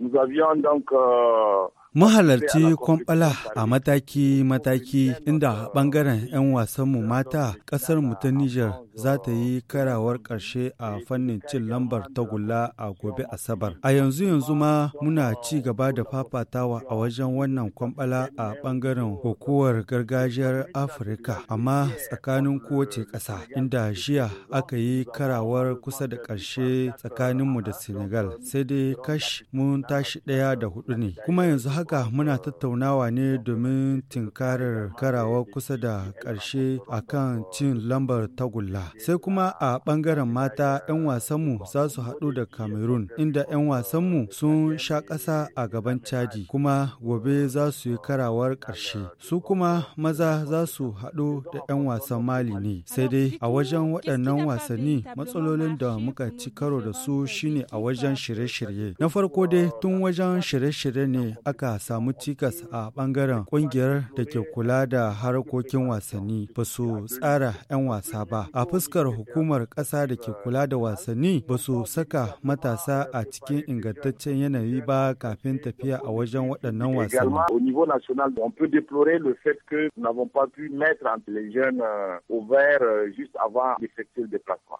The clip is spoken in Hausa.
Nous avions donc euh, Mahalarci kwamfala a mataki-mataki inda ɓangaren 'yan wasanmu mata kasar ta Nijar za ta yi karawar ƙarshe a fannin cin lambar tagulla a gobe Asabar. A yanzu yanzu ma muna ci gaba da fafatawa a wajen wannan kwamfala a ɓangaren hukuwar gargajiyar Afirka amma tsakanin kowace ƙasa inda jiya aka yi karawar kusa da ƙarshe tsakaninmu da Senegal sai dai kash mun tashi ɗaya da hudu ne kuma yanzu haka muna tattaunawa ne domin tinkarar karawa kusa da ƙarshe a kan cin lambar tagulla. Sai kuma a ɓangaren mata 'yan wasanmu za su haɗu da Cameroon, inda 'yan wasanmu sun sha ƙasa a gaban caji, kuma gobe za su yi karawar ƙarshe. Su kuma maza za su haɗu da 'yan wasan Mali ne. Sai dai a wajen waɗannan wasanni matsalolin da muka ci karo da su shine a wajen shirye-shirye. Na farko dai tun wajen shirye-shirye ne aka aka samu cikas a bangaren kungiyar da ke kula da harkokin wasanni ba su tsara 'yan wasa ba. A fuskar hukumar ƙasa da ke kula da wasanni ba su saka matasa a cikin ingantaccen yanayi ba kafin tafiya a wajen waɗannan wasanni.